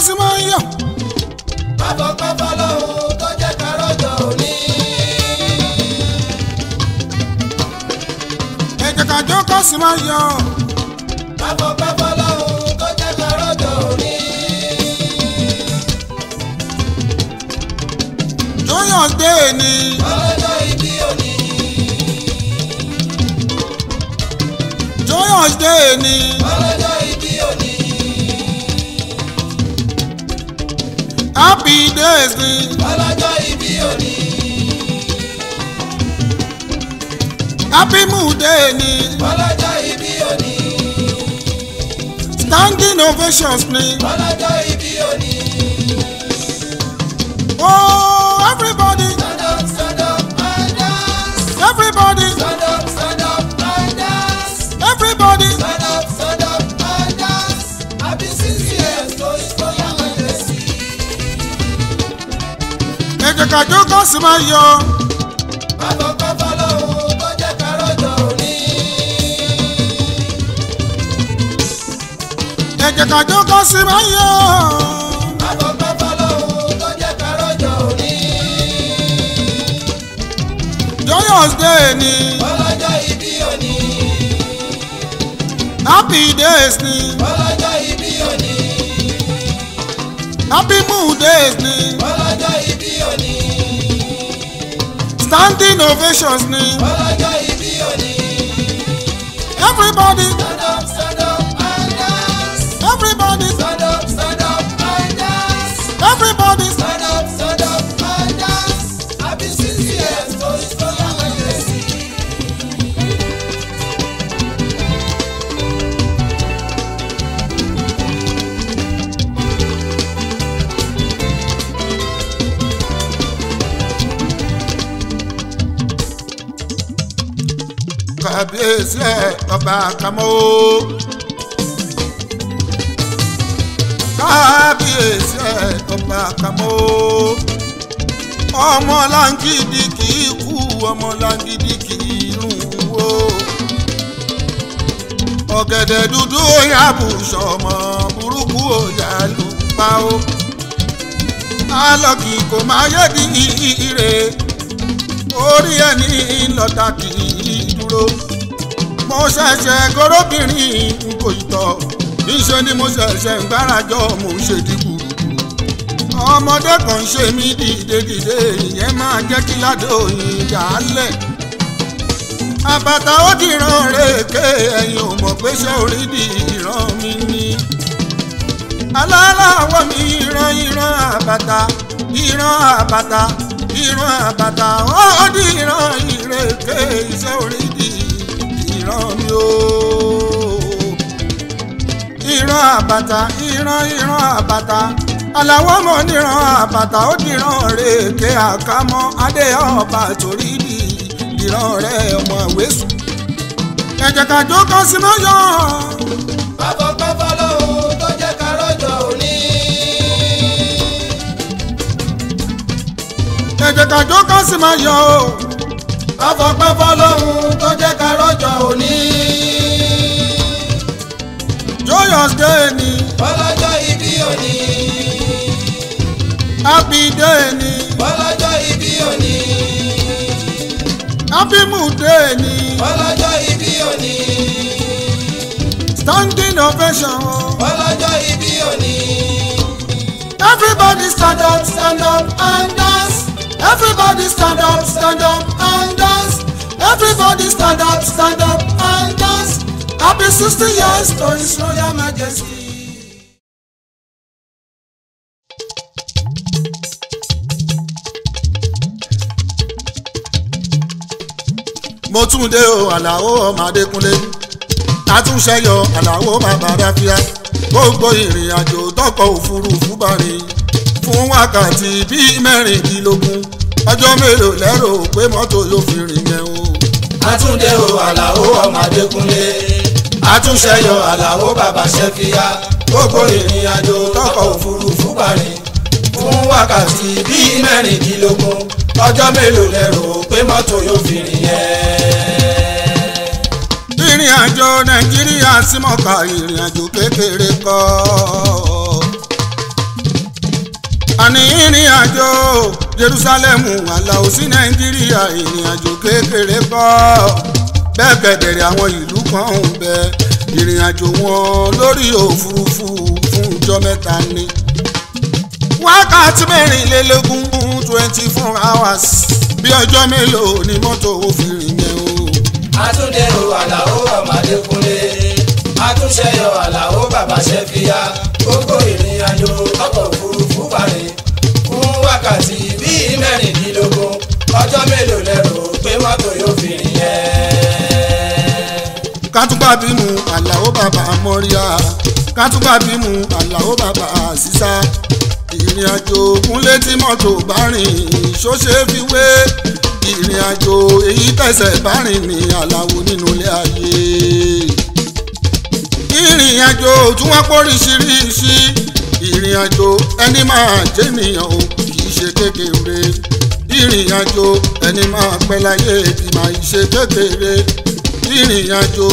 sí máa ń yọ̀. pápápápá lọ́hùn tó jẹ́ ká rọ́jò òní. ẹ̀jẹ̀ kàjọ kọ́ sí máa ń yọ̀. pápápápá lọ́hùn tó jẹ́ ká rọ́jò òní. lóyàn gbé ni. ọlọ́jọ́ ibi òní. lóyàn gbé ni. happy days ni. ọlọ́jọ́ ìbí òní. happy moonday ni. ọlọ́jọ́ ìbí òní. standing ovations ni. ọlọ́jọ́ ìbí òní. oh everybody. jẹ́ ká jó kó sì máa yọ. àkọ́kọ́ fọlọ́hún kó jẹ́ ká rọ̀jò òní. ẹ jẹ́ máa yọ. joyous day ni. ọlọ́jọ́ ìbí òní. happy days ni. ọlọ́jọ́ ìbí òní. happy moon days ni. ọlọ́jọ́ ìbí òní. standing ovations ni. ọlọ́jọ́ ìbí òní. everybody. stand up sir. kàbíyèsí ẹ̀ ọba àkàmọ́ o. kàbíyèsí ọba àkàmọ́ o. ọmọ láǹgìdì kì í kú ọmọ láǹgìdì kì í rùn wó. ọ̀gẹ̀dẹ̀ dúdú yàbùsọ̀ ọmọ burúkú òyà lù pa o. alọ́kì kò máa yẹ́ di ire orí ẹni lọ́tà kì ìgboro mo ṣẹ̀ṣẹ̀ goróbìnrin kò ìtọ̀ níṣẹ́ ni mo ṣẹ̀ṣẹ̀ ń gbárajọ mo ń ṣe dínkù ọmọdé kan ṣe mí dìdedìde ìyẹn máa jẹ́ kí ládò yìí yà lẹ̀ àbàtà ó dìran rèéké ẹ̀yin ò mọ̀ pé ṣé orí di ìran mi ni aláàláwọ̀ mi ìran ìran àbàtà ìran àbàtà ìran àbàtà ó di ìran ìrèké iṣẹ́ orí di ìran mi o. ìran àbàtà ìran ìran àbàtà aláwọ̀ mọ̀ níran àbàtà ó dìran rèké àkámọ́ adé ọba torí di ìran rẹ̀ ọmọ ìwé sùn. ẹ̀jẹ̀ kàjọ́ kan sí mọ́ bàbá bá. jẹ́ ká jó ká sì máa yọ̀ o. afọpẹ́ fọlọ́run tó jẹ́ ká rọ́jọ́ òní. joyous day ni. ọlọ́jọ́ ìbí òní. happy day ni. ọlọ́jọ́ ìbí òní. happy mood day ni. ọlọ́jọ́ ìbí òní. standing ovation o. ọlọ́jọ́ ìbí òní. everybody stand up stand up and dance. Everybody stand up, stand up and dance. Everybody stand up, stand up and dance. Happy 60 years to His Royal Majesty. mo tún dé o àlàó ọmọ adékúnlé àtúnṣe yọ àlàó bàbá ráfíà gbogbo ìrìn àjò tọkọ òfurufú bá rìn fún wákàtí bíi mẹ́rìndínlógún ọjọ́ mélòó lẹ́rò pé mọ́tò yóò fi rìn yẹn o. àtúndé o àlàó ọmọ adékúnlé àtúnṣeyọ àlàó bàbá ṣẹ́fíà gbogbo ìrìn àjò tọkọ̀ òfurufú parí fún wákàtí bíi mẹ́rìndínlógún ọjọ́ mélòó lẹ́rò pé mọ́tò yóò fi rìn yẹn. ìrìn àjò nàìjíríà sí ìrìn àjò kékeré kọ́ àní ìrìn àjò Jerusalem àlà òsì Nàìjíríà ìrìn àjò kékeré kọ́ bẹ́ẹ̀ kẹ̀dẹ̀rẹ̀ àwọn ìlú kan ń bẹ ìrìn àjò wọn lórí òfurufú fún ọjọ́ mẹ́ta ni. wákàtí mẹ́rìnlélógún twenty four hours bí ọjọ́ mélòó ni mọ́tò òfin rìn yẹn o. àtúndẹ̀rù àlàó ọ̀màdékúnlé àtúnṣeyọ àlàó bàbá ṣẹ́fìyà gbogbo ìrìn àjò ọkọ̀ òfurufú parí wákàtí bíi mẹ́rìndínlógún ọjọ́ mélòó lẹ́rù pé mọ́tò yóò fi rìn yẹn. kátúgbà bímú àlàó bàbá mọ́ríà kátúgbà bímú àlàó bàbá sísá ìrìn àjò kúnlé tí mọ́tò bá rìn ṣóṣe fi wé ìrìn àjò èyí tẹ̀sẹ̀ bá rìn ní aláwo nínú ilé ayé ìrìn àjò tí wọ́n pọ̀ ìrìn àjò ẹni máa jẹ́ ènìyàn o ṣe kékeré ìrìn àjò ẹni máa pẹ́ láyé kì máa ṣe kékeré ìrìn àjò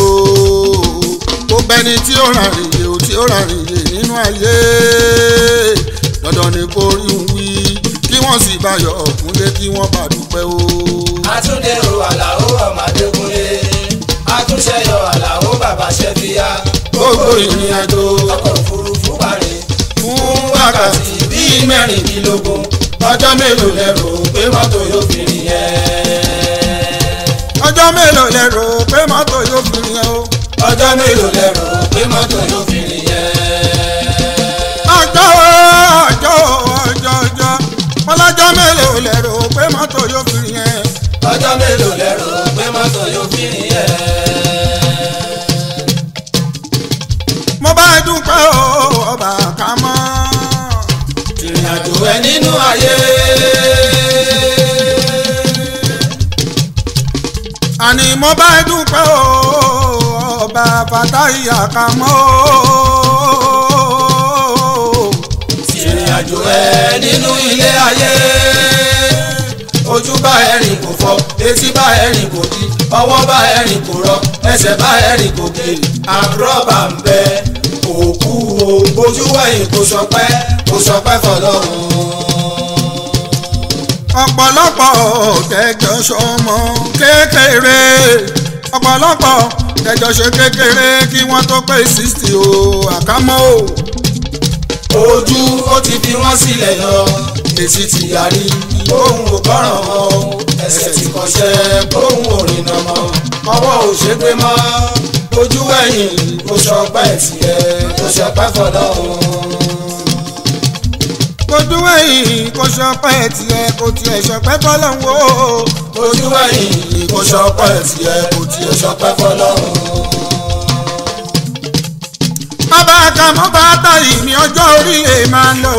ó bẹni tí ó rà rìnyè ó tí ó rà rìnyè nínú ayé dandan ni kò rí un wí kí wọ́n sì báyọ̀ ọ̀kúnlé kí wọ́n bá dúpẹ́ o. àtúndé o àlàó ọ̀màdékúnlé àtúnṣe yọ àlàó bàbá ṣẹ́fíà gbogbo ìrìn àjò ọkọ̀ òfurufú parí fún wákàtí bíi mẹ́rìndínlógún ọjọ́ mélòó lẹ rò pé mọ́tò yóò fi rí yẹn. ọjọ́ mélòó lẹ rò pé mọ́tò yóò fi rí yẹn o. ọjọ́ mélòó lẹ pé mọ́tò yóò fi rí yẹn. ọjọ́ ọjọ́ ọjọ́ ọjọ́ ọlọ́jọ́ mélòó lẹ pé mọ́tò yóò fi rí yẹn. ọjọ́ mélòó lẹ pé mọ́tò yóò fi rí yẹn. àní mo bá dúpẹ́ o ọba Fatai Akamo. ìrìn àjò ẹ nínú ilé ayé ojú bá ẹ̀rìn kò fọ etí bá ẹ̀rìn kò di ọwọ́ bá ẹ̀rìn kò rọ ẹsẹ̀ bá ẹ̀rìn kò gèlè àbúrọ̀bà ń bẹ òkú o ojú wẹ̀yìn kò sọpẹ́ kò sọpẹ́ fọlọ́run ọ̀pọ̀lọpọ̀ tẹjọ sọmọ kékeré ọ̀pọ̀lọpọ̀ tẹjọ ṣe kékeré kí wọ́n tó pé sixty o àkámọ́ o. ojú ó ti fi wọ́n sílẹ̀ lọ èsì ti yarí bóun ò gbọ́ràn mọ́ ẹsẹ̀ ti kọṣẹ́ bóun ò rìnnà mọ́ ọwọ́ ò ṣègbè mọ́ ojú ẹ̀yìn ó ṣọpẹ́ tiẹ̀ ó ṣọpẹ́ fọlọ́run kò dúró yìí kò ṣọpẹ́ tiẹ̀ kò tiẹ̀ ṣọpẹ́ fọlọ́hún o. kò dúró yìí kò ṣọpẹ́ tiẹ̀ kò tiẹ̀ ṣọpẹ́ fọlọ́hún. bàbá kan mọ́ bá tàyè ní ọjọ́ orí lè máa lọ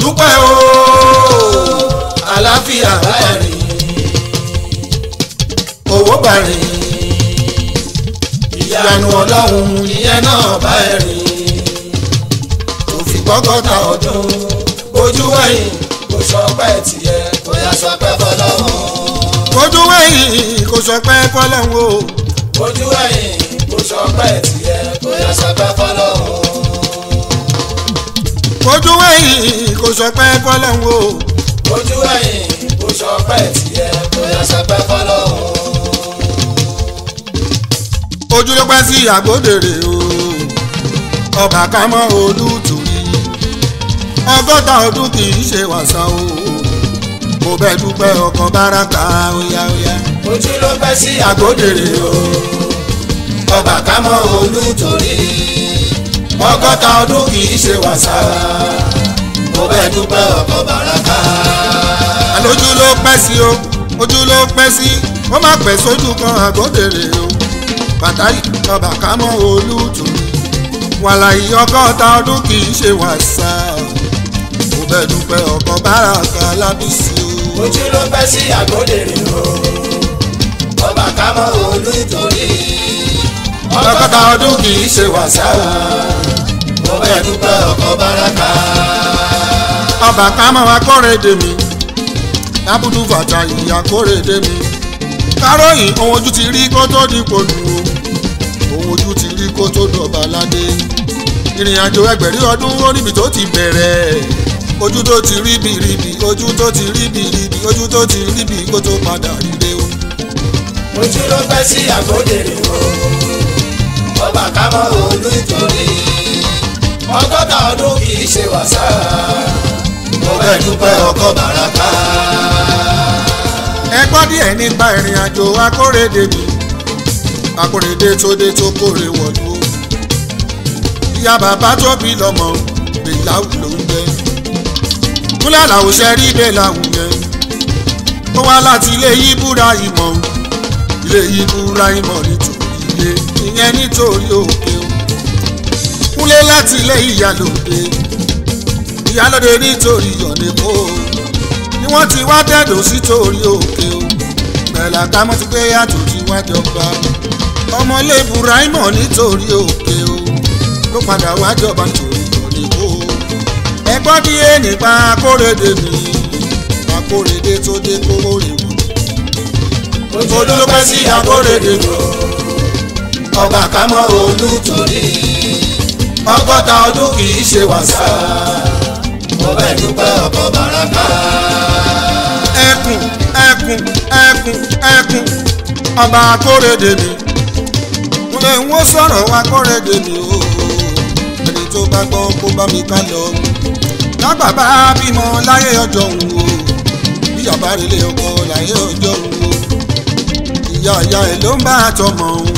dúpẹ́ o àlàáfíà báyà owó bá rìn ìyanu ọlọ́run ìyẹn náà bá rìn kọ́kọ́ta ọdún ojú wẹ̀yìn kò sọpẹ́ tiẹ̀ kò yá sọpẹ́ fọlọ́run. ojú wẹ̀yìn kò sọpẹ́ fọlọ́run o. ojú wẹ̀yìn kò sọpẹ́ tiẹ̀ kò yá sọpẹ́ fọlọ́run. ojú wẹ̀yìn kò sọpẹ́ fọlọ́run o. ojú wẹ̀yìn kò sọpẹ́ tiẹ̀ kò yá sọpẹ́ fọlọ́run. ojú ló pẹ́ sí àgbódèrè o ọba ká mọ́ olùtù ọgọ́ta ọdún kì í ṣe wàṣà o mo bẹ dúpẹ́ ọkàn báràkà oya oya. ojú ló fẹ́ sí àgọ́dèrè o ọba kámọ́ olùtòrí ọgọ́ta ọdún kì í ṣe wàṣà mo bẹ dúpẹ́ ọkàn báràkà. àlójú ló pẹ́ sí o ojú ló pẹ́ sí ó má pẹ́ sójú kan àgọ́dèrè o bàtà ọba kámọ́ olùtòrí wàlàyé ọgọ́ta ọdún kì í ṣe wàṣà dúpẹ́ dúpẹ́ ọkàn bára Kálábísí o. ojú ló fẹ́ sí àgbọ̀dẹ̀rẹ̀ o ọba kámọ́ olú ìtòrí ọgọ́ta ọdún kì í ṣe wàṣà mo bẹ̀ ọkàn bára ká. ọba kámọ́ akọ́rẹ́dẹ̀ mi lábùdú bàtà ìyá kórèdè mi káròyìn ohun ojú ti rí kó tó di pòlù o ohun ojú ti rí kó tó dọ̀bà ládé ìrìn àjò ẹgbẹ̀rí ọdún ó níbi tó ti bẹ̀rẹ̀ ojú tó ti rí bìrìbì ojú tó ti rí bìrìbì ojú tó ti rí bì kó tó padà ríre o. ojú ló fẹ́ sí àgbòdèrè o ó bà ká mọ́ olú ìtòrí ọgọ́ta ọdún kì í ṣe wàsá mo fẹ́ dúpẹ́ ọkọ̀ bàràkà. ẹ gbọ́ díẹ̀ nípa ìrìn àjò akórèdè mi akórèdè tó dé tó kórè wọ̀lú ìyá bàbá tó bí lọ́mọ gbèláwù ló ń bẹ́ẹ̀. Kúnlé Àlàó Ṣẹ̀rídé làwùyẹ ó wá láti ilé yíbúra ìmọ̀ ilé yíbúra ìmọ̀ nítorí ilé ìyẹn nítorí òkè o Kúnlé láti ilé ìyálòde ìyálòde nítorí ọ̀nẹ́kọ́ o ni wọ́n ti wá dẹ́dọ̀ sí torí òkè o bẹ̀rẹ̀ àtàmọ́ ti gbé yàtọ̀ tí wọ́n jọba ọmọlé Ibrahim nítorí òkè o ló padà wá nítorí gbọ́ bí ẹnì pa akórèdè mi akórèdè tó dé kóró rè wọ́n. ojú ló sí akórèdè lọ ọba kámọ́ olùtòrí ọgọ́ta ọdún kì ṣe wàsá ọbẹ̀ dúpẹ́ ọkọ̀ bàràkà. ẹkùn ẹkùn ẹkùn ẹkùn ọba akórèdè mi mo lè ń wó akórèdè mi o ẹni tó bá gbọ́ kó bá mi ká lọ tágbà bá bímọ láyé ọjọ́ òun o ìyá bá relé ọkọ láyé ọjọ́ òun o ìyá ìyá ẹ̀ ló ń bá tọmọ òun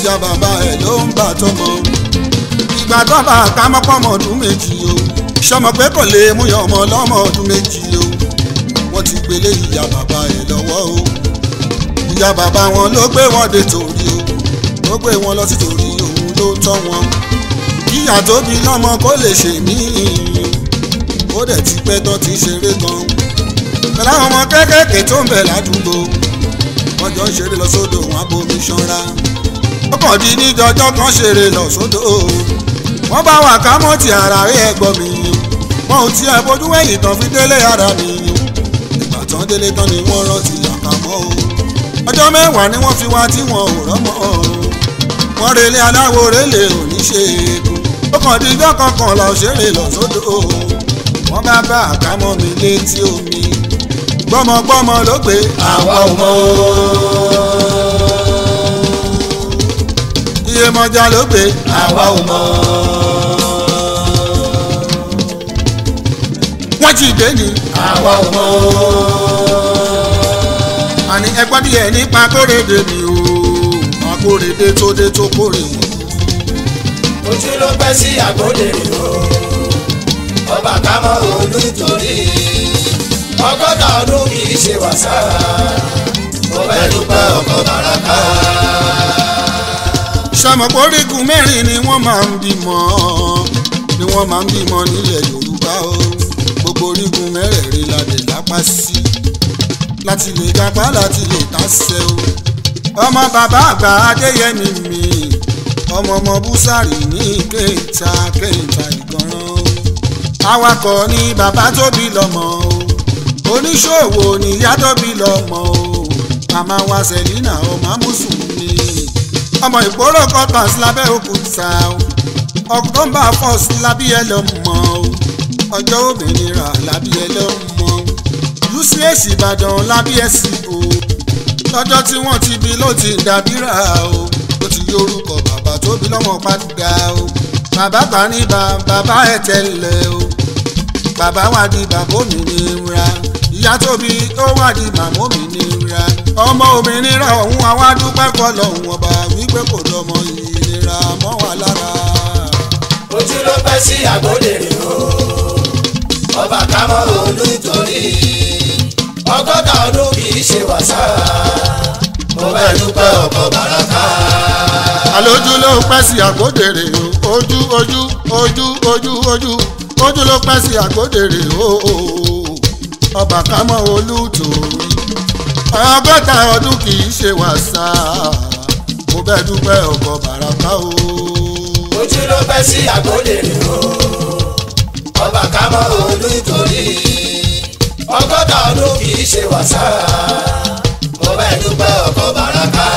ìyá bàbá ẹ̀ ló ń bá tọmọ òun ìgbà tó bá ká mọ́kànmọ́ ọdún méjì o sọmọ pé kò lè mú yan ọmọ ọlọ́mọ ọdún méjì o wọ́n ti gbélé ìyá bàbá ẹ̀ lọ́wọ́ o ìyá bàbá wọn ló gbé wọn dé torí o ló gbé wọn lọ sí torí òun ló tọ́ wọn ìyá tó lọ́mọ kó lè ṣèmí ó dẹ̀ ti pẹ́ tán ti ṣeré gan. pẹ̀lú àwọn ọmọ kéékèèké tó ń bẹ ládùúgbò wọ́n jọ ń ṣeré lọ sódò wọn á bomi ṣanra. ó kàn di níjọjọ́ kan ṣeré lọ sódò wọ́n bá wà ká mọ́ ti ara rí ẹ̀gbọ́n mi wọn ò tiẹ̀ bójú wẹ̀yìn tán fi délé ara mi ìgbà tán délé tán ni wọ́n rántí àkàmọ́ o ọjọ́ mẹ́wàá ni wọ́n fi wá tí wọn ò rọ́mọ́ wọn relé aláwo relé òní ṣe é ó kàn di ijọ́ kankan lọ ṣeré lọ sódò wọ́n bá bá àkámọ́ mi létí omi gbọ́mọgbọ́mọ ló pé àwa ò mọ̀ iyemọja ló pé àwa ò mọ̀ wọ́n ti gbé ni àwa ò mọ̀ àní ẹgbọ́n díẹ̀ nípa kórèdè mi o àkórèdè tó dé tó kórè wọn. ojú ló pẹ́ sí àgbọ̀dẹ̀ rẹ̀ o. Ọbàkámọ́ Olútorí ọgọ́ta ọdún kì í ṣe wàsá mo fẹ́ dúpẹ́ ọkọ̀ bàràkà. sọmọpọ̀ mẹ́rin ni wọ́n máa ń bímọ ni wọ́n máa ń bímọ nílẹ̀ Yorùbá o gbogbo orígun mẹ́rẹ̀ẹ̀rin la lè lápá sí láti lè kápá láti lè tàṣẹ o ọmọ bàbá àgbà Adéyẹmí mi ọmọ ọmọ Búsárì ní kéńtà kéńtà ìgbọràn awakọ̀ ni bàbá tóbi lọ́mọ o oníṣòwò níyá tóbi lọ́mọ o màmá wa sẹ̀línà ọmọ mùsùlùmí ọmọ ìgboro quarters lábẹ́ òkúta o october first lábí ẹ lọ́mọ o ọjọ́ òmìnira lábí ẹ lọ́mọ ucs ìbàdàn lábí ẹ sì o lọ́jọ́ tí wọ́n ti bí ló ti dàbíra o ó ti yí bàbá tóbi lọ́mọ padà o bàbá ta bàbá ẹ̀ o bàbá wà di bàbá mi ní ra ìyá tó bí ó wà di màmá mi ní ra ọmọ obìnrin rà ọ̀hún àwa dúpẹ́ kọ́ lọ́hùn ọba wípé kò lọ́mọ ìlera mọ́ wa lára. ojú ló pẹ́ sí àgbọ̀dẹ̀rẹ̀ o ọba kámọ́ olú torí ọgọ́ta ọdún kì ṣe wàsá mo bá dúpẹ́ ọkọ̀ bàràkà. àlójú ló pẹ́ sí àgbọ̀dẹ̀rẹ̀ o ojú ojú ojú ojú ojú ojú ló pẹ́ sí àgbódèrè ooo ọba kámọ́ olùtòrí ọgọ́ta ọdún kì í ṣe wàsà mo bẹ́ dúpẹ́ ọkọ̀ bàràpá o. ojú ló pẹ́ sí àgbódèrè ooo ọba kámọ́ olùtòrí ọgọ́ta ọdún kì í ṣe wàsà mo bẹ́ dúpẹ́ ọkọ̀ bàràpá.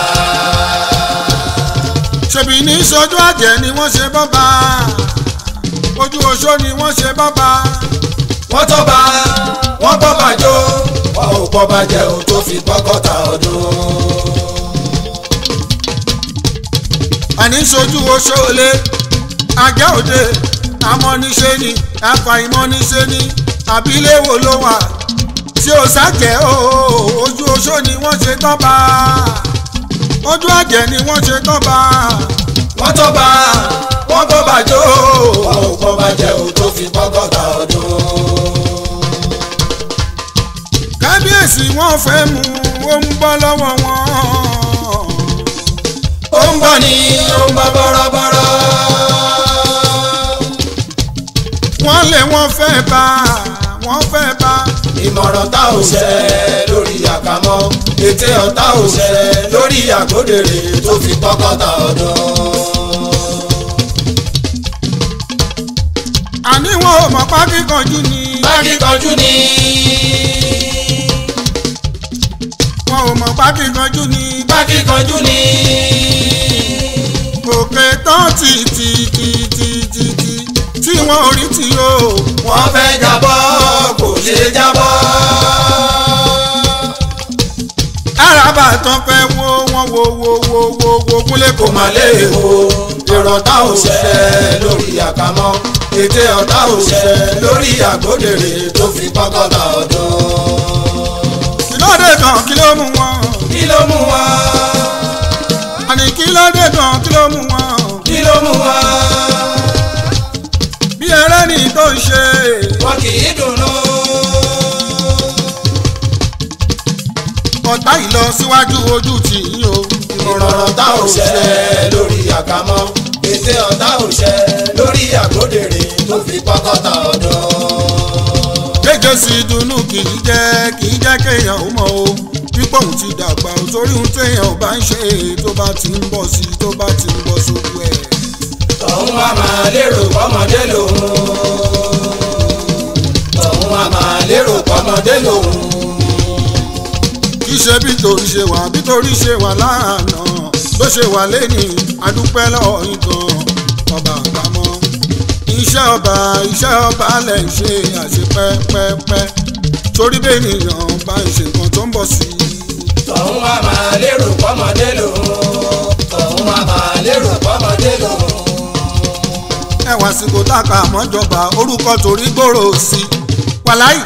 ṣèbí ní sọdún àjẹ́ ni wọ́n ṣe bọ́ bá ojú oṣó ni wọ́n ṣe bàbá. wọ́n tọ́ba wọ́n bọ́ba jó wọn ò pọ́ba jẹ́ o tó fi bọ́kọ́ta ọdún. àní sojú oṣó olè ajá òde amọ́niṣe ni afàìmọ́niṣe ni àbílẹ̀wò ló wà tí ó ṣàjẹ́ o ojú oṣó ni wọ́n ṣe tọ́ba ojú àjẹ́ ni wọ́n ṣe tọ́ba. wọ́n tọ́ba wọ́n kó bàjẹ́ o wọn ò kó bàjẹ́ o tó fi pọ́gọ́ta ọdún. kábíyèsí wọn fẹ́ mú ó ń bọ́ lọ́wọ́ wọn. ó ń bọ̀ ní ó ń bọ̀ bọ́rọ́bọ́rọ́. wọ́n lé wọ́n fẹ́ bá wọ́n fẹ́ bá. ìmọ̀ràn tá ò ṣẹlẹ̀ lórí àkàmọ́ ètè ọ̀tá ò ṣẹlẹ̀ lórí àgbòdèrè tó fi pọ́kọ́ta ọdún. àní wọn ò mọ̀ pákí kanjú ni. pákí kanjú ni. wọn ò mọ̀ pákí kanjú ni. pákí kanjú ni. òkè tán tì tì tì tì tì tì tí wọn ò rí tì o. wọ́n fẹ́ jábọ́ kò ṣe jábọ́. àràbà tán fẹ́ wo wọn wo wo wo wo wo kúnlẹ̀ kò má lè wo èrò táwọn ṣẹlẹ̀ lórí àkàmọ́ ète ọ̀tá òṣè lórí àgbódèrè tó fi pákọ́lá ọ̀dọ́. kí ló dé gan kí ló mú wọn. kí ló mú wọn. àní kí ló dé gan kí ló mú wọn. kí ló mú wọn. bí ẹlẹ́ni tó ń ṣe. wọn kì í dùnnú. ọ̀tá ìlọsíwájú ojú tì í o. ìmọ̀ràn ọ̀tá òṣè lórí àkámọ́ ète ọ̀tá òṣè àgbòdèrìn tó fi pákọ́ta ọ̀dọ́. kéjọ sí dunu kì í jẹ́ kì í jẹ́ kéèyàn ó mọ̀ o pípọ̀ òun ti dàgbà ò ohun téèyàn bá ń ṣe tó bá ti ń bọ̀ sí tó bá ti ń bọ̀ sójú ẹ̀. tọ̀hún wa máa lérò pọ́mọdé lòun tọ̀hún wa máa lérò pọ́mọdé lòun. kì í ṣe bí torí ṣe wà bí torí ṣe wà lánàá ló ṣe wà lẹ́nìí adúpẹ́ lọ́ọ́ yín ọba iṣẹ́ ọba iṣẹ́ ọba lẹ̀ ń ṣe àṣepẹ́pẹ́pẹ́ torí bẹ́ẹ̀ nìyàn bá ń ṣe nǹkan tó ń bọ̀ sí i. tọ̀hún wa máa lérò pọ́mọdé lòun tọ̀hún wa máa lérò pọ́mọdé lòun. ẹwà àsìkò tàkà àmọ́jọba orúkọ torí gbòòrò sí i wàláì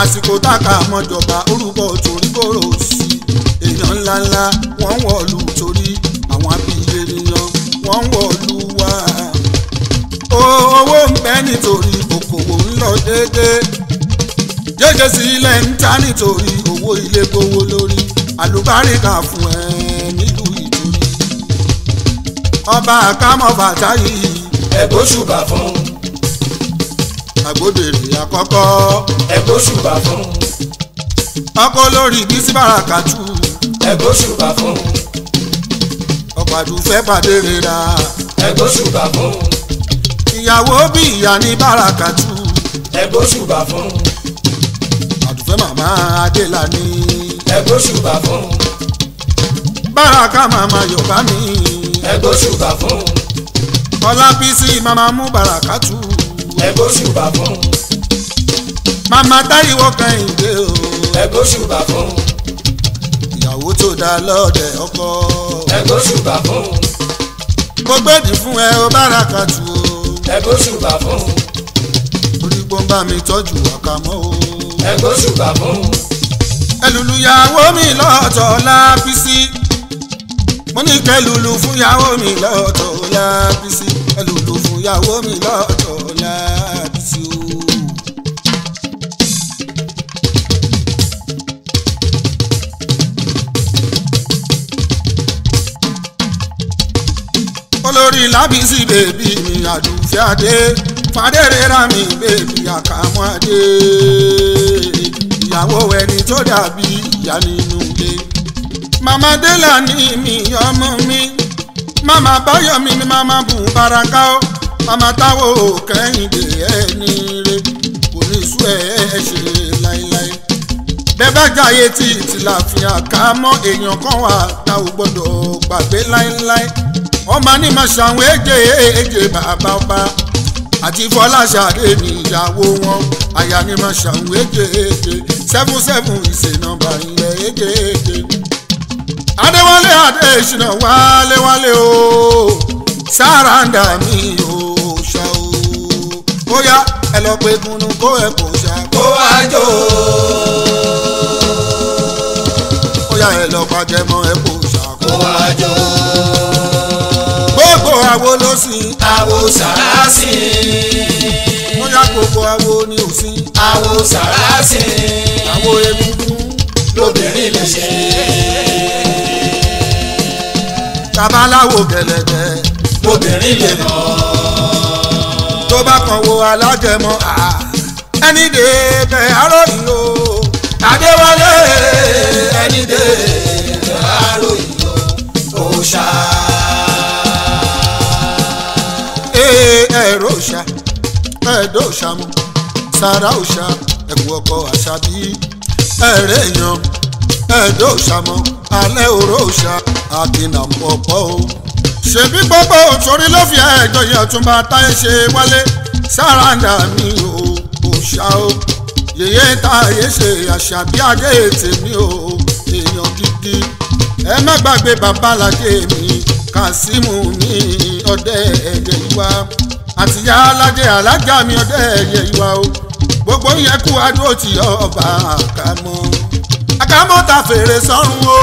àsìkò tàkà àmọ́jọba orúkọ torí gbòòrò sí i èèyàn ńláńlá wọ́n wọ̀lú torí àwọn abiyẹ ènìyàn wọ́n wọ̀lú sílẹ̀ nítorí okòwò ń lọ déédéé jẹ́jẹ́ sílẹ̀ ń ta nítorí owó ilé gbówó lórí àlùbáríkà fún ẹ nílùú ìtòrí ọba àkámọ́ bàtà yìí ẹ̀gbó ṣùgbà fún un àgbódèrè àkọ́kọ́ ẹ̀gbó ṣùgbà fún un lórí bí bàràkàtù ẹ̀gbó ṣùgbà fún un ọ̀pàdùfẹ́ pàdé rẹ̀ rà ẹ̀gbó ṣùgbà fún ìyàwó bí ìyá ní bárakàtú. ẹgbó ṣùgbà fún. àdùfẹ́ màmá adélani. ẹgbó ṣùgbà fún. báraka màmá yorùbá mi. ẹgbó ṣùgbà fún. ọlábísí màmá mú bárakàtú. ẹgbó ṣùgbà fún. màmá táyíwọ́ kẹ́hìndé o. ẹgbó ṣùgbà fún. ìyàwó tó dá lọ́ọ̀dẹ̀ ọkọ. ẹgbó ṣùgbà fún. mo gbèdì fún ẹ o bárakàtú o ẹgbẹ́ òṣùbà fún un. orí gbọ́ngbà mi tọ́jú ọ̀kà mọ́ o. ẹgbẹ́ òṣùbà fún un. ẹlùlùyàwó mi lọ́tọ̀ lábísí mo ní kẹlùlù fún yàwó mi lọ́tọ̀ lábísí ẹlùlù fún yàwó mi lọ́tọ̀ lábísí o. lórí lábísí bèbí mi àdùnfẹ́ adé fàdéré ra mi bèbí àkàmọ́ adé ìyàwó ẹni tó dàbí ìyá nínú ilé. màmá délà ní mi ọmọ mi màmá báyọ̀ mi ni màmá bù baraka ó màmá táwo kẹ́hìndé ẹni rẹ kò ní sú ẹ ẹ ṣe láéláé. bẹ́ẹ̀ bá jáyé tí ìtìláfíà ká mọ́ èèyàn kan wà tá ò gbọ́dọ̀ gbàgbé láéláé wọ́n máa ní máa ṣàwọn èjè èjè bàbá ọba àti fọláṣadé níyàwó wọn àyà ní máa ṣàwọn èjè èjè seven seven ìṣe nọ́mbà ilẹ̀ èjè èjè. adéwálé adéṣínà wáléwálé o sáràǹdà mi ò ṣá o ó yá ẹ lọ pé kunu kó ẹ kò ṣá. kó wá jó o. sìn. àwòsàn á sìn. wọ́n yá gbogbo awo ni ò sìn. àwòsàn á sìn. àwo egungun lóbìnrin lè ṣe. tabaláwo gẹ̀lẹ̀gẹ̀. lóbìnrin lè mọ̀. tó bá kàn wo alágẹmọ. ẹni dè bẹ́ẹ̀ aróyìn o. adéwálé ẹni dè bẹ́ẹ̀ aróyìn o. òòṣà. ẹ̀rọ òṣà ẹ̀dọ́ òṣà mu sàrà òṣà ẹ̀kú ọkọ àṣàbí ẹ̀rẹ́ èèyàn ẹ̀dọ́ òṣà mọ alẹ́ òró òṣà àkìnà pọ̀pọ̀ o. ṣèbí gbogbo òṣòrí ló fi ẹ̀jọ̀ yẹn tún bá táyé ṣe wálé sàràǹdà mi ò òṣà o yèyé táyé ṣe àṣàbí ajé tèmi o èèyàn gidi ẹ má gbàgbé babalájé mi kàsímù mi ọdẹ ẹ̀dẹ̀ ìwà àtìyá aládé alájà mi ọdẹ ẹ̀yẹ ìwà o gbogbo yẹn kú adúró ti ọba àkàmọ́ àkàmọ́ ta fèrè sọ́run o.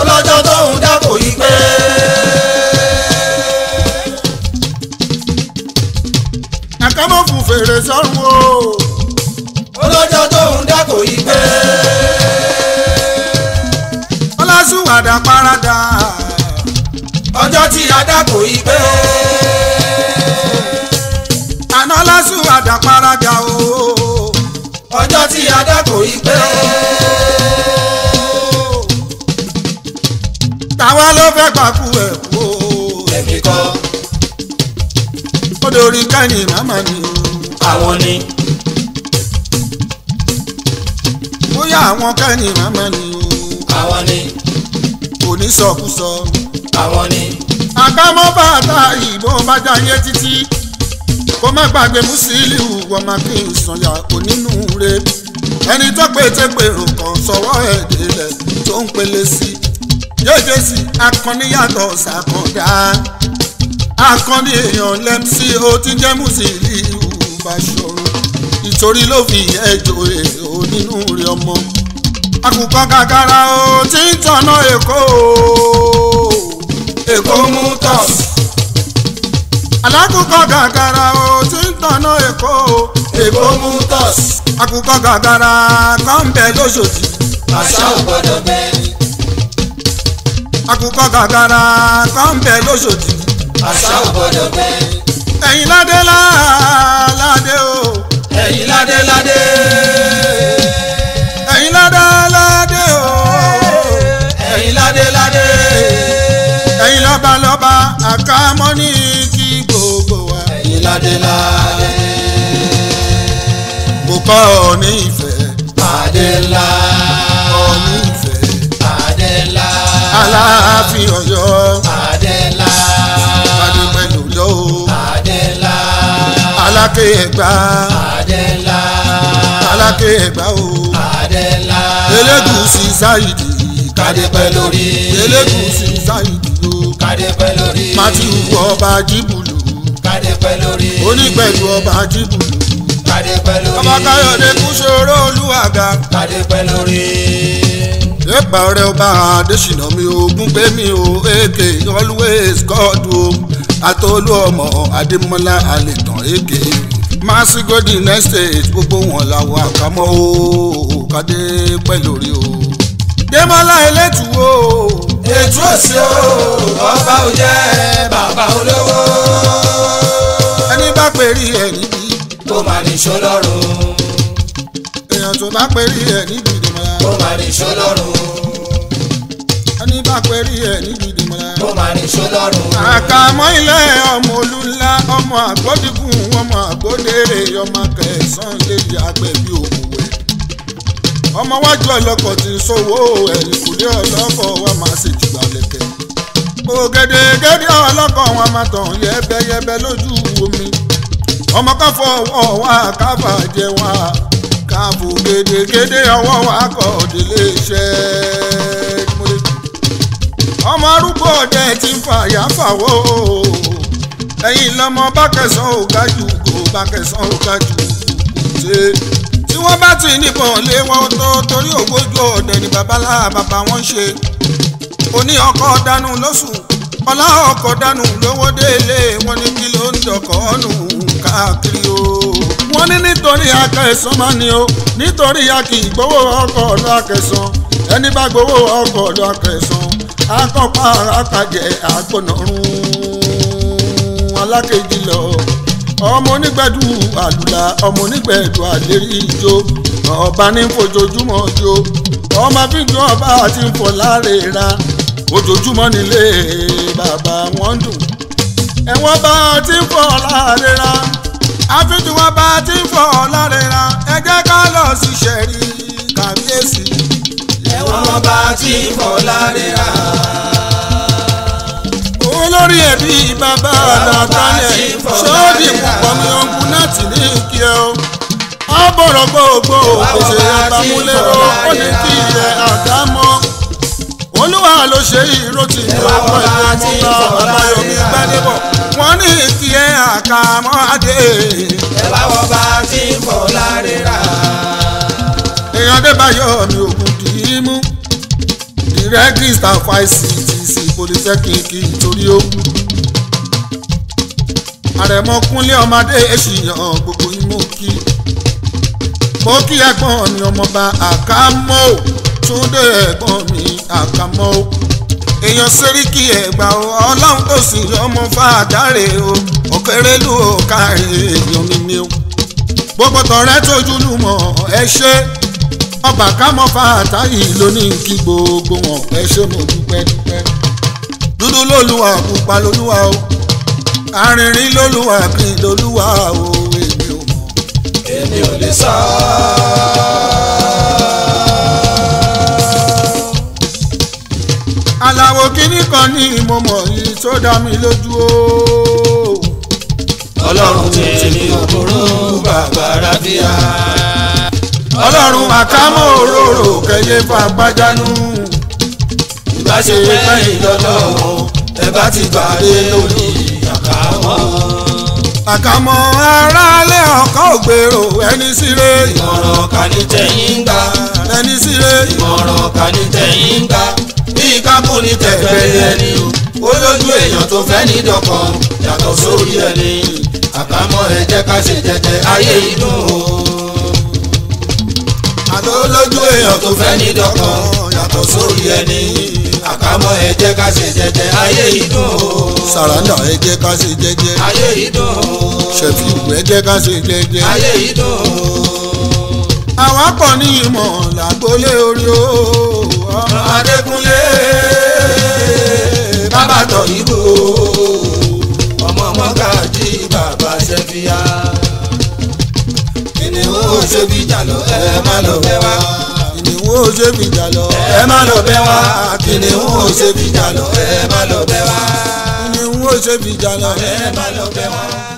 ọlọ́jọ́ tóun dá kò yí pé. àkàmọ́ fún fèrè sọ́run o. ọlọ́jọ́ tóun dá yí pé. ọlásùwàdà paradà ọjọ́ tí adá kò í pé àná àdàparadà o ọjọ́ tí adá kò í pé táwa ló fẹ́ gbàkú ẹ̀ o èmi kọ́ ó dorí kẹ́yìn màmá ni o àwọn ni bóyá àwọn kẹ́yìn màmá ni o àwọn ni kò ní sọkúsọ àwọn ni. àkámọ́ bàtà ìbọn bá jayé títí kó má gbàgbé Musiliu wọ́n máa fi ìsànyà onínúure ẹni tó pété pèrò kan sọwọ́ ẹ̀dẹ̀ rẹ̀ tó ń pele sí i jẹ́jẹ́ sí i akọni yàtọ̀ ṣàkàndá akọni èèyàn lẹ́mísí ó ti jẹ́ Musiliu Bashorun ìtorí ló fi ẹjọ́ èrò nínú rẹ̀ ọmọ akùkọ kàkàrà ó ti ń tọ̀nà èkó o èkó motors. alákùkọ gàgàrà o ti ń tọ̀nà èkó o èkó motors. àkùkọ gàgàrà kan bẹ lóṣòdì. àṣà ò gbọdọ̀ bẹ́ẹ̀ ni. àkùkọ gàgàrà kan bẹ àṣà ò gbọdọ̀ bẹ́ẹ̀ ni. ẹ̀yin ládé láà ládé o. ẹ̀yin ládé ládé. ọmọ òní ìfẹ́. Adela, Òní ìfẹ́. Adela, Aláàfin Ọ̀yọ́. Adela, Adúpẹ́ lòlọ́ o. Adela, Aláké Ẹ̀gbá. Adela, Aláké Ẹ̀gbá o. Adela, Elégùsì Sáyidì. Kádépẹ́ lórí. Elégùsì Sáyidì o. Kádépẹ́ lórí. Mátíwù ọba Jíbùlù. Kádépẹ́ lórí. Onípẹ̀lú ọba Jíbùlù pàdé pẹ̀lú rí. ọmọ káyọ̀dé kú ṣòro olúwàgà. pàdé pẹ̀lú rí. yéèpà ọ̀rẹ́ ọba adésínà mi ò gúngbẹ́ mi ò èké always god o àtọ́lú ọmọ adémọ́lá àlètàn èké masigodi next stage gbogbo wọn làwọn àkámọ́ o kàdé pẹ̀lú rí o. démọ́lá elétù o. ètò òsì o ọba ò jẹ́ bàbá olówó. ẹni bá pèrè ẹni tó máa nìṣó lọ́rùn. èèyàn tó bá pè rí ẹ̀ níbi ìdìmọ̀lá. tó máa nìṣó lọ́rùn. ẹni bá pè rí ẹ̀ níbi ìdìmọ̀lá. tó máa nìṣó lọ́rùn. àkàmọ́ ilé ọmọ olúńlá ọmọ àgbódìgún ọmọ àgbódèrè ọmọ kẹsàn-án lè di agbẹ̀bí òmùwẹ̀. ọmọ wájú ọlọ́kọ̀ ti sówó ẹ̀yìnkùlé ọlọ́kọ̀ wa máa ṣèjìgbà lẹ̀kẹ̀. ògèdègèdè ọlọ́kọ̀ wọn máa tàn yẹ́bẹ́yẹ́bẹ́ lójú omi ọmọ ká fọwọ́ wa ká bàjẹ́ wa ká bù gédégédé ọwọ́ wa kọ̀ délé iṣẹ́ ọmọ arúgbó ọdẹ ti ń fàyà fàwọ́ ẹ̀yìn lọ́mọ bákẹ́sàn ò ga jù kò bákẹ́sàn ò ga jù kò ṣe tí wọ́n bá ti níbọn lé wọn tó torí ògbójú ọ̀dẹ̀ ni babalá bàbá wọn ṣe oní ọkọ̀ dánú lọ́sùn ọlá ọkọ̀ dánú lówó délé wọn ní kí ló ń dọ̀kọ́ nù káàkiri o. wọ́n ní nítorí akẹ́sàn máa ní o nítorí a kì í gbowó ọkọ̀ ọ̀dọ̀ akẹ́sàn ẹni bá gbowó ọkọ̀ ọ̀dọ̀ akẹ́sàn akọ́pá akájẹ àgbọ̀nọ̀rún alákejì lọ ọmọ onígbẹ̀dù àlùlà ọmọ onígbẹ̀dù àlérí ijó ọba ní fojoojúmọ́ jó ọmọ fíjú ọba àti fọláre ra ojoojúmọ́ nílé bàbá wọn dùn ẹ̀wọ̀n bá a ti ń fọ̀ lárera àfitì wọn bá a ti ń fọ̀ lárera ẹ jẹ́ ká lọ sí sẹ́rí kàbíyèsí. ẹ̀wọ̀n bá a ti ń fọ̀ lárera. olórí ẹbí bàbá àlàkalẹ̀ ṣọ́ọ́dì púpọ̀ ni ogun náà ti ní kí ẹ o ọ̀bọ̀rọ̀ gbogbo òkèṣe àbámúlérò ó ní kí ilẹ̀ àdámọ́ olúwa ló ṣe ìró tìlú ọkọ̀ ìlú mọ́ta ọ̀báyọ̀mí gbádébọ̀ wọ́n ní tiẹ̀ àkàmọ́dé. ẹ bá wọ bá tí mo láre rà. èèyàn Adébáyọ̀ mi ògùn dì í mú ìrẹ́ Christopher ICTC polytechnic nítorí ó kú. àrẹ̀mọ kúnlé ọmọdé èṣìyàn gbogbo yín mú kí. mo kí ẹ̀gbọ́n mi ọmọọba àkámọ́ Túndé ẹ̀gbọ́n mi àkámọ́ èèyàn Sẹ́ríkì Ẹ̀gbá o ọlọ́run tó sì ọmọ fàdáre o òkèrèlú o káre èèyàn mi ni o gbogbo tọrẹ tójú lù mọ ẹ ṣe ọba kámọ fàtàyè lónìí kí gbogbo wọn ẹ ṣe mo dúpẹ́ dúpẹ́ dúdú lóluwà pupa lóluwà o arìnrìn lóluwà kì lóluwà o èmi ò lè sọ. kan ní mo mọ̀ yìí tó dá mi lójú o. ọlọ́run tèmi òbúrò bàbá rábíà. ọlọ́run àkámọ́ òróró kẹyẹ fàgbájánú. ìbáṣe fẹ́yìn lọ́lọ́run ẹ bá ti gbàdé lórí àkámọ́. àkámọ́ aráalé ọkọ̀ ògbèrò ẹni síre. ìmọ̀ràn kàní tẹ̀yìn ń ga. ẹni síre. ìmọ̀ràn kàní tẹ̀yìn ń ga bíi kákùn ní tẹ̀gbẹ́ ẹni o ó lójú èèyàn tó fẹ́ ní dọ̀kan yàtọ̀ sórí ẹni àbámọ̀ ẹ jẹ́ ká ṣe jẹ́jẹ́ ayé inú o. àtọ́ lójú èèyàn tó fẹ́ ní dọ̀kan yàtọ̀ sórí ẹni àbámọ̀ ẹ jẹ́ ká ṣe jẹ́jẹ́ ayé inú o. sàràndà ẹ jẹ́ ká ṣe jẹ́jẹ́ ayé inú o. ṣẹ̀fìlù ẹ jẹ́ ká ṣe jẹ́jẹ́ ayé inú o àwa pọ̀ ní ìmọ̀ làgbólé orí o. adékúnlé alábàtọ̀ ìbò ọmọ mọ́gàjì bàbá ṣẹ́fíà kìnìún ò ṣe bí jàlọ ẹ má lọ bẹ́ wá kìnìún ò ṣe bí jàlọ ẹ má lọ bẹ́ wá kìnìún ò jàlọ ẹ má lọ bẹ́ wá kìnìún ò jàlọ ẹ má lọ bẹ́ wá.